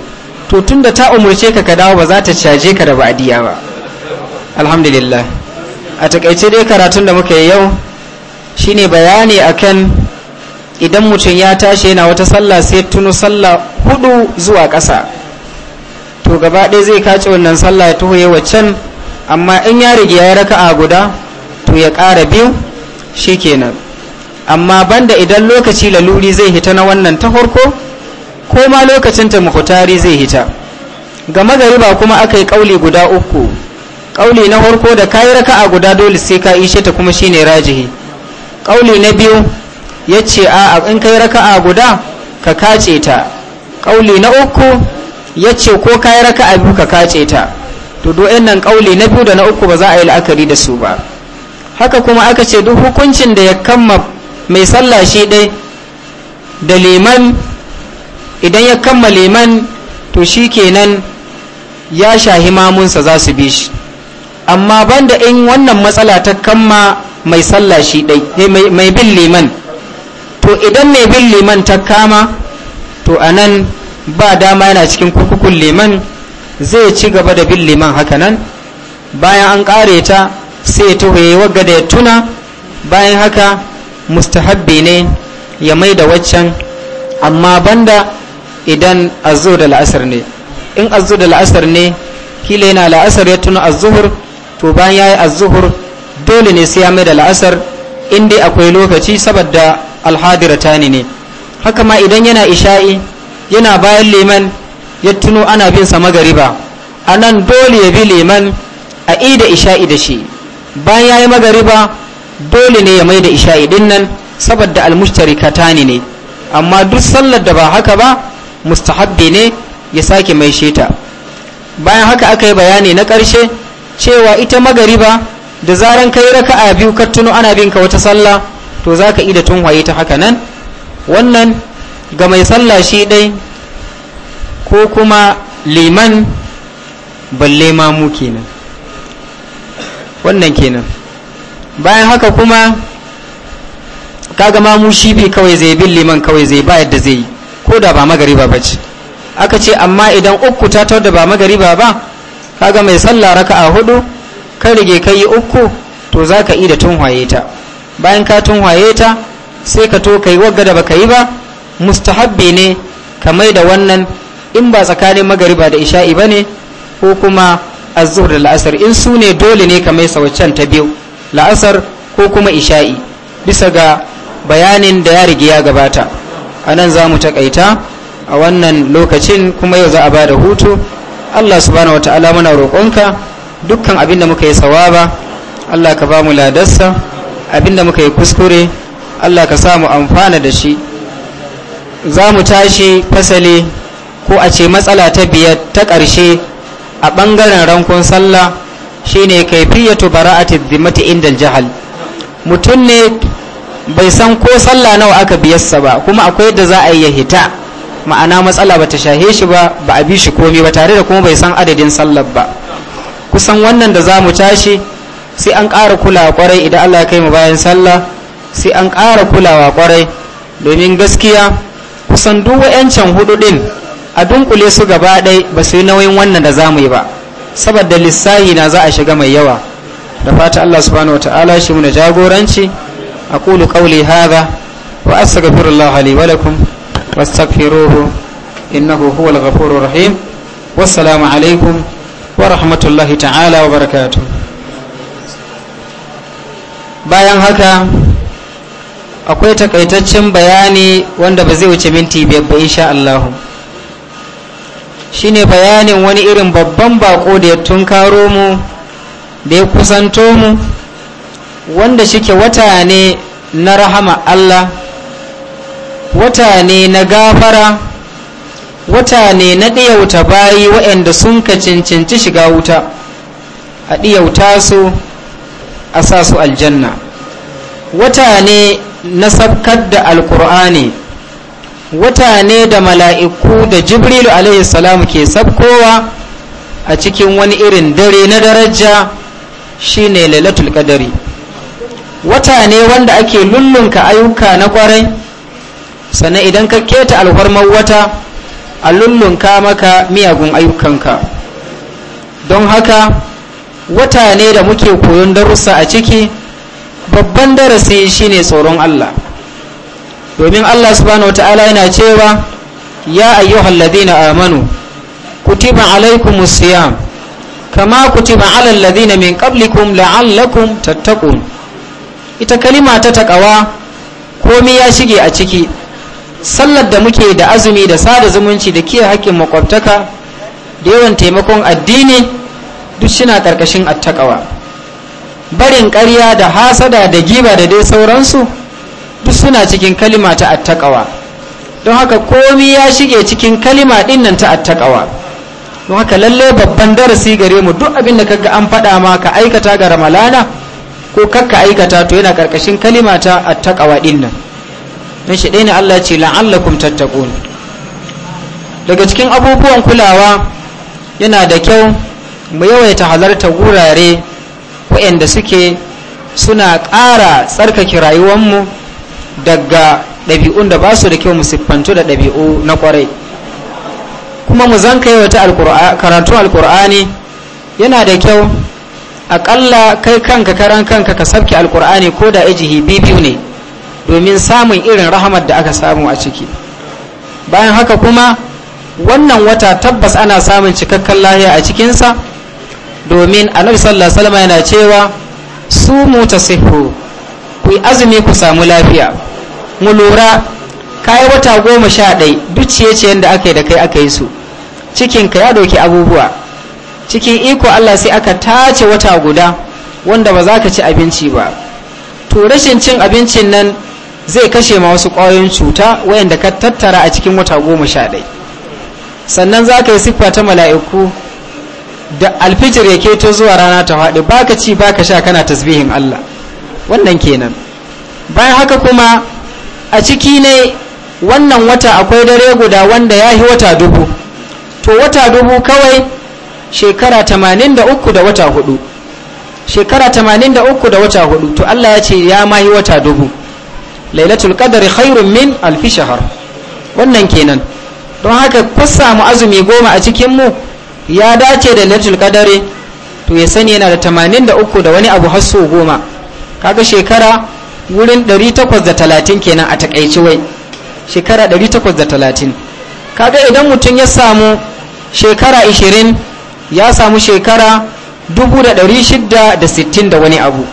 Speaker 2: to tunda ta umurce ka ka dawo ba za ta caje ka da ba'adiyya ba alhamdulillah a takaice dai karatun da muka yi yau shine bayani akan idan mutum ya tashi yana wata sallah sai tuno sallah hudu zuwa ƙasa to gaba ɗaya zai kace wannan sallah ya tuho waccan amma in ya rige ya raka'a guda to ya ƙara biyu shikenan amma banda idan lokaci laluri zai hita na wannan ta farko ko ma lokacin ta muhtari zai hita ga magariba kuma aka yi ƙauli guda uku ƙauli na farko da ka kayi raka'a guda dole sai ka ishe ta kuma shine rajihi ƙauli na biyu ya ce a in kai raka'a guda ka kace ta ƙauli na uku ya ce ko kai raka'a biyu ka kace ta to do'in nan ƙauli na biyu da na uku ba za a yi la'akari da su ba haka kuma aka ce duk hukuncin da ya kamma mai sallah shi dai da liman idan ya kamma liman to shi kenan ya shahi mamunsa za su bi shi amma banda in wannan matsala ta kamma mai sallah shi dai eh, mai bin liman to idan mai bin liman ta kama to a nan ba dama yana cikin kurkukun liman zai ci gaba da bin liman nan bayan an ƙare ta sai ta wayewa da ya tuna bayan haka mustahabbi ne ya mai da waccan amma banda idan azu da la'asar ne in azu da la'asar ne kila yana la'asar ya tuna azuhur to bayan ya yi azuhur dole ne sai ya mai da la'asar in akwai lokaci saboda alhadiratani ne haka ma idan yana isha'i yana bayan liman ya tuno ana bin sa magariba a nan dole ya bi liman a ida isha'i da shi bayan ya yi magariba dole ne ya mai da isha'i din nan saboda ni ne amma duk sallar da ba haka ba mustahabbi ne ya sake mai sheta bayan haka aka yi bayani na ƙarshe cewa ita magariba da zaran kai raka'a biyu ka tuno ana bin ka wata sallah to za ka ida waye ta haka nan wannan ga mai sallah shi dai ko kuma liman balle mamu kenan wannan kenan bayan haka kuma kaga mamu shi bi kawai zai bin liman kawai zai ba yadda zai yi ko da ba magariba ba ce aka ce amma idan uku ta da ba magariba ba kaga mai sallah raka'a hudu kai rige kai uku to za ka ida da waye ta bayan ka waye ta sai ka to kai wagga da baka yi ba mustahabbi ne ka da wannan in ba tsakanin magariba da isha'i bane ko kuma az-zuhr da la'asar in su ne dole ne ka mai sa ta biyu la'asar ko kuma isha'i bisa ga bayanin da ya rige ya gabata anan nan za mu takaita a wannan lokacin kuma yau za a bada hutu allah subhanahu wataala muna roƙonka dukkan abin da muka yi sawaba allah ka ba mu ladarsa abinda muka yi kuskure Allah ka samu amfana da shi za mu tashi fasali ko a ce matsala ta biyar ta ƙarshe a ɓangaren rankon sallah shine kaifiyatu bara'ati dhimmati inda jahal mutum ne bai san ko sallah nawa aka biyarsa ba kuma akwai da za a yi hita ma'ana matsala bata shahe shi ba ba a bi shi komai ba tare da kuma bai san adadin sallah ba kusan wannan da za mu tashi sai an ƙara kulawa kwarai idan Allah ya kai mu bayan sallah sai an ƙara kulawa kwarai domin gaskiya kusan duk wa'yancan hudu din a dunkule su gaba ɗai ba su yi nauyin wannan da za mu yi ba saboda lissahi na za a shiga mai yawa da fata Allah subhanahu wataala shi muna jagoranci aqulu qawli haza wa astaghfirullah li wa lakum inna innahu huwal ghafurur rahim wassalamu alaikum wa rahmatullahi ta'ala wa barakatuh bayan haka akwai takaitaccen bayani wanda ba zai wuce minti biyar ba insha Allah shine bayanin wani irin babban bako da ya tunkaro mu da ya kusanto mu wanda shike wata ne na rahama Allah wata ne na gafara wata ne na ɗiyauta bayi waɗanda sun ka cincinci shiga wuta a ɗiyauta su a sa aljanna wata ne na sabkar da alkur'ani wata ne da mala'iku da jibrilu alaihi salamu ke sabkowa a cikin wani irin dare na daraja shine lailatul qadari wata ne wanda ake lullunka ayyuka na kwarai sannan idan ka keta alfarmar wata a lullunka maka miyagun ayyukanka don haka wata ne da muke koyon darussa a ciki babban darasi shine tsoron Allah domin Allah subhanahu wataala yana cewa ya ayyuhal ladina amanu kutiba alaikumus siyam kama kutiba alal ladina min qablikum la'allakum tattaqun ita kalima ta takawa komai ya shige a ciki sallar da muke da azumi da sada zumunci da kiyaye haƙƙin makwabtaka da yawan taimakon addini duk suna ƙarƙashin attakawa barin ƙarya da hasada da giba da dai sauransu duk suna cikin kalima ta attakawa don haka komi ya shige cikin kalima dinnan ta attakawa don haka lalle babban darasi gare mu duk abin da kaga an faɗa ma ka aikata ga ramalana ko kakka aikata to yana ƙarƙashin kalima ta ɗin dinnan don shi ɗaya ne Allah ce la'allakum tattaqun daga cikin abubuwan kulawa yana da kyau mu yawaita halarta wurare waɗanda suke suna ƙara tsarkake rayuwanmu daga ɗabi'un da ba su da kyau mu siffantu da ɗabi'u na ƙwarai kuma mu zanka yawaita karatu alƙur'ani yana da kyau aƙalla kai kanka karan kanka ka sabke alƙur'ani ko da ijihi biyu ne domin samun irin rahamar da aka samu a ciki bayan haka kuma wannan wata tabbas ana samun cikakken lahiya a cikinsa domin annabi sallallahu alaihi wasallam yana cewa su mu tasihhu ku yi azumi ku samu lafiya mu lura yi wata goma sha ɗai duk ciye-ciyen da aka yi da kai aka yi su cikin ka ya ɗauki abubuwa cikin iko Allah sai aka tace wata guda wanda ba za ka ci abinci ba to rashin cin abincin nan zai kashe ma wasu ƙwayoyin cuta wayanda ka tattara a cikin wata goma sha ɗai sannan za ka yi siffa ta mala'iku da alfijir ya keto zuwa rana ta faɗi baka ci baka sha kana tasbihin Allah wannan kenan bayan haka kuma a ciki ne wannan wata akwai dare guda wanda ya yi wata dubu to wata dubu kawai shekara tamanin da wata hudu shekara tamanin da wata hudu to Allah ya ce ya ma yi wata dubu lailatul qadri khairun min alfi shahr wannan kenan don haka kusa samu azumi goma a cikin mu ya dace da lailatul qadari to ya sani yana da 83 da wani abu har so goma kaga shekara wurin 830 kenan a takaice wai shekara 830 kaga idan mutum ya samu shekara 20 ya samu shekara 660 da wani abu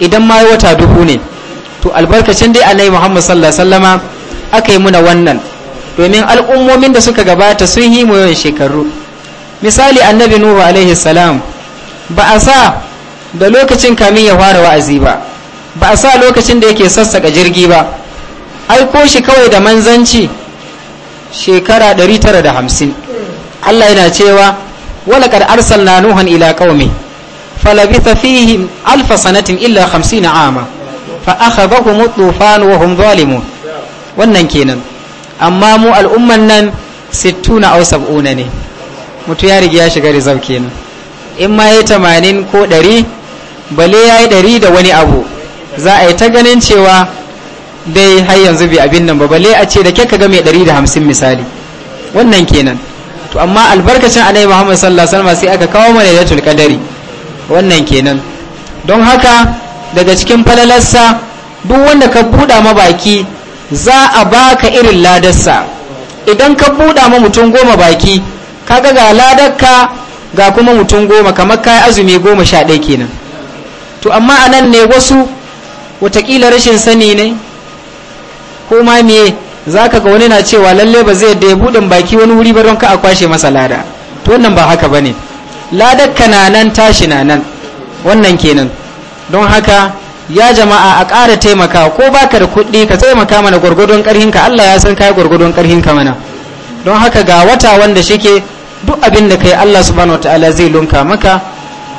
Speaker 2: idan ma wata duhu ne to albarkacin dai alai muhammad sallallahu sallama aka yi muna wannan domin al'ummomin da suka gabata sun yi mu yawan shekaru misali annabi nuhu alaihi salam ba a sa da lokacin kamin ya fara wa'azi ba ba a sa lokacin da yake sassaka jirgi ba aiko shi kawai da manzanci shekara 950 Allah yana cewa walaqad arsalna nuhan ila qaumi falabitha fihim alf sanatin illa 50 ama fa akhadhahum at-tufan wa hum zalimun wannan kenan amma mu al'umman nan 60 aw 70 ne mutu ya riga ya shiga rizab kenan in ma ya tamanin ko ɗari bale ya yi ɗari da wani abu za a yi ta ganin cewa dai har yanzu bai abin nan ba bale a ce da kyakka ga mai ɗari da hamsin misali wannan kenan to amma albarkacin annabi muhammad sallallahu alaihi wasallam sai aka kawo mana lailatul qadari wannan kenan don haka daga cikin falalarsa duk wanda ka buɗa ma baki za a baka irin ladarsa idan ka buɗa ma mutum goma baki kaga ga ladarka ga kuma mutum goma kamar kayi azumi goma sha ɗaya kenan to amma a nan ne wasu watakila rashin sani ne ko ma miye za ka ga wani na cewa lalle ba zai da ya buɗin baki wani wuri ba don ka a kwashe masa lada to wannan ba haka ba ne ladarka na nan tashi na nan wannan kenan don haka ya jama'a a ƙara taimaka ko baka da kuɗi ka taimaka mana gwargwadon ƙarhinka Allah ya san kai gwargwadon ƙarhinka mana don haka ga wata wanda shike duk abin da kai Allah subhanahu ta'ala zai lunka maka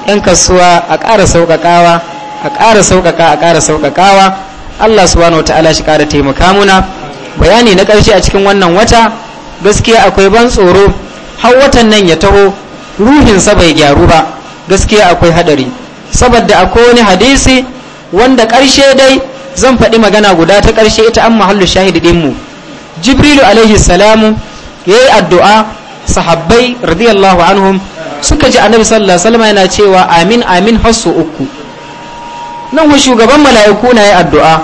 Speaker 2: yan kasuwa a ƙara sauƙaƙawa a ƙara sauƙaƙa a ƙara sauƙaƙawa Allah subhanahu ta'ala shi ƙara taimaka muna bayani na ƙarshe a cikin wannan wata gaskiya akwai ban tsoro har watan nan ya taho ruhin sa bai gyaru ba gaskiya akwai hadari saboda akwai wani hadisi wanda ƙarshe dai zan faɗi magana guda ta ƙarshe ita an mahallu shahidi ɗinmu jibrilu alaihi salamu ya yi addu'a sahabbai radiyallahu anhum suka ji annabi sallallahu alaihi wasallam yana cewa amin amin hasu uku nan wa shugaban mala'iku na yi addu'a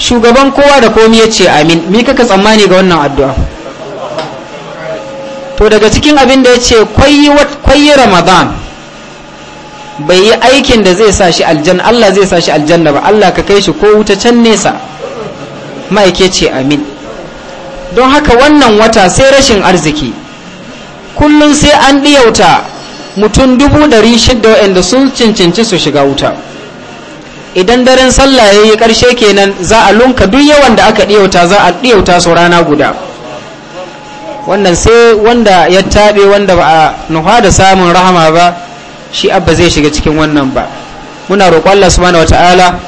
Speaker 2: shugaban kowa da komi ya ce amin mi kaka tsammani ga wannan addu'a to daga cikin abin da ya ce kwayi ramadan bai yi aikin da zai sa shi aljanna Allah zai sa shi aljanna ba Allah ka kai shi ko wuta can nesa ma'aike ce amin don haka wannan wata sai rashin arziki kullum sai an ɗiyauta mutum dubu ɗari shidda waɗanda sun cincinci su shiga wuta idan daren sallah ya yi ƙarshe kenan za a lunka duk yawan da aka ɗiyauta za a ɗiyauta su rana guda wannan sai wanda ya taɓe wanda ba a nufa da samun rahama ba shi abba zai shiga cikin wannan ba muna roƙon Allah subhanahu wata'ala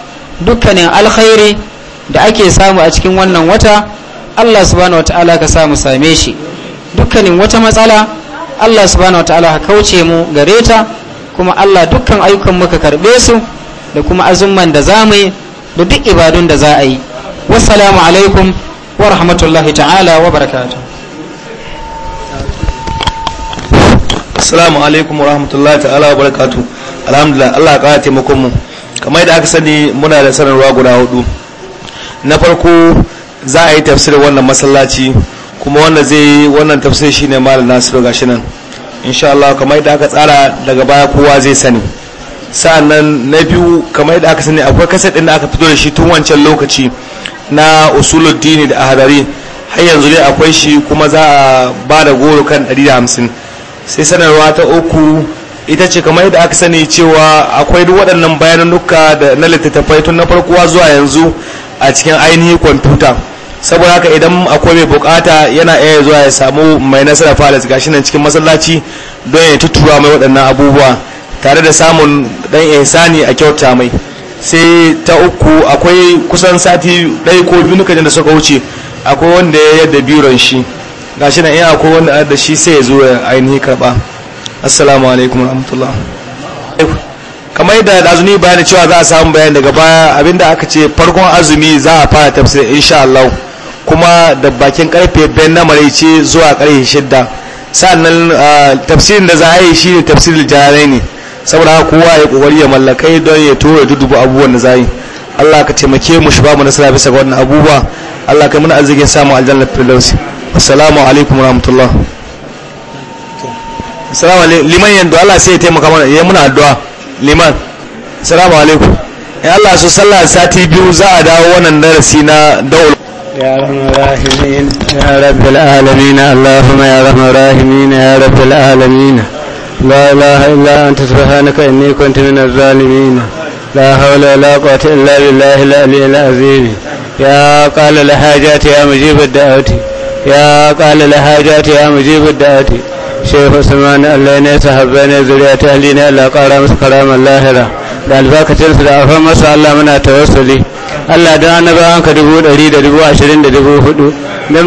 Speaker 2: dukkanin alkhairi da ake samu a cikin wannan wata Allah subhanahu wata'ala ka samu same shi dukkanin wata matsala Allah subhanahu wataala ka kauce mu gare ta kuma Allah dukkan ayyukan muka karbe su da kuma azumman da za mu yi da duk ibadun da za a yi wassalamu alaikum wa rahmatullahi ta'ala wa barakatuh
Speaker 1: assalamu alaikum wa rahmatullahi ta'ala wa barakatuh alhamdulillah Allah ya kara taimakon mu kamar yadda aka sani muna da sanarwa guda hudu na farko za a yi tafsirin wannan masallaci kuma wanda zai yi wannan tafsir shine malam nasiru gashi nan insha Allah kamar yadda aka tsara daga baya kowa zai sani sa'annan na biyu kamar yadda aka sani akwai kasar din da aka fito da shi tun wancan lokaci na usuluddini da ahadari har yanzu dai akwai shi kuma za a ba da goro kan 150 sai sanarwa ta uku ita ce kamar yadda aka sani cewa akwai duk waɗannan bayanan duka da na littattafai tun na farko zuwa yanzu a cikin ainihin kwamfuta saboda haka idan akwai mai bukata yana iya zuwa ya samu mai nasara palace gashi nan cikin masallaci don ya tuttura mai waɗannan abubuwa tare da samun dan ihsani a kyauta mai sai ta uku akwai kusan sati ɗai ko biyu nuka da suka wuce akwai wanda ya yadda biron shi gashi nan in akwai wanda da shi sai ya zo ya ainihi karɓa assalamu alaikum rahmatullah kamar yadda azumi bayani cewa za a samu bayani daga baya abinda aka ce farkon azumi za a fara tafsir insha Allah kuma da bakin karfe biyar na maraice zuwa karfe shidda sa'annan tafsirin da za a yi shi ne tafsirin jarai ne saboda kowa ya kokari ya mallakai don ya tura dudubu abubuwan da za yi Allah ka taimake mu shi ba mu nasara bisa ga wannan abubuwa Allah ka muna arzikin samun aljanna firdausi assalamu alaikum rahmatullah assalamu alaikum liman yanda Allah sai ya taimaka mana ya muna addu'a liman assalamu alaikum in Allah su sallah sati biyu za a dawo wannan darasi na daular يا رحم الراحمين يا رب
Speaker 3: العالمين اللهم يا رحم الراحمين يا رب العالمين لا إله إلا أنت سبحانك إني كنت من الظالمين لا حول ولا قوة إلا بالله العلي العظيم يا قال لحاجات يا مجيب الدعوة يا قال لحاجات يا مجيب الدعوة شيخ usman allah ne sahabbai ne zuriya ta ahli ne allah kara musu karamar lahira da albarkacin su da الله masu allah muna tawassuli allah da annabawan ka dubu ɗari da dubu ashirin da dubu hudu da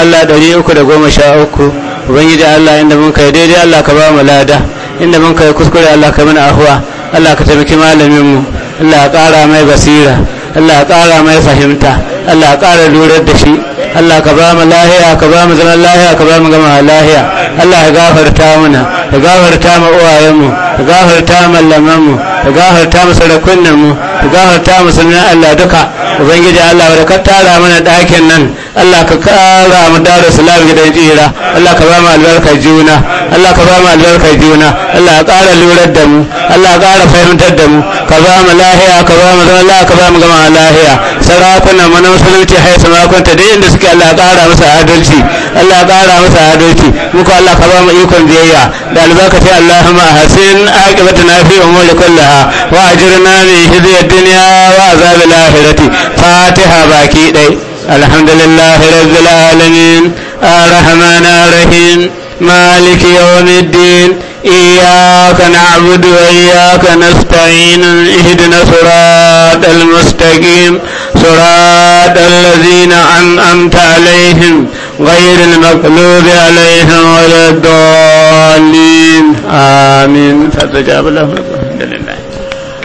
Speaker 3: allah ɗari uku da goma sha uku ubangiji allah inda mun kai daidai allah ka ba mu lada inda mun kai kuskure allah ka mana ahuwa allah ka taimaki malamin mu allah mai basira allah mai fahimta Allah ƙara durar da shi Allah ka ba mu lahiya ka ba mu zaman lahiya ka ba mu gama lahiya Allah ya gafarta muna ya gafarta mu uwayenmu ya gafarta mu lamanmu ya gafarta mu sarakunanmu ya gafarta mu sunan Allah duka ubangiji Allah wadda ka tara mana ɗakin nan Allah ka kara mu dara salam gidan jira Allah ka ba mu albarkar juna Allah ka ba mu albarkar juna Allah ya kara lurar da mu Allah ya kara fahimtar da mu ka ba mu lahiya ka ba mu zama Allah ka ba mu gama lahiya sarakunan mu na musulunci hai sarakunta da inda suke Allah ya kara musu adalci Allah ya kara musu adalci muku Allah ka ba mu ikon biyayya da albarkatai Allahumma hasin aqibatuna fi umuri kullaha wa ajirna min hizyat dunya wa azabil akhirati fatiha baki dai الحمد لله رب العالمين الرحمن الرحيم مالك يوم الدين إياك نعبد وإياك نستعين اهدنا صراط المستقيم صراط الذين أنعمت عليهم غير المغلوب عليهم ولا الضالين آمين فتجاب لهم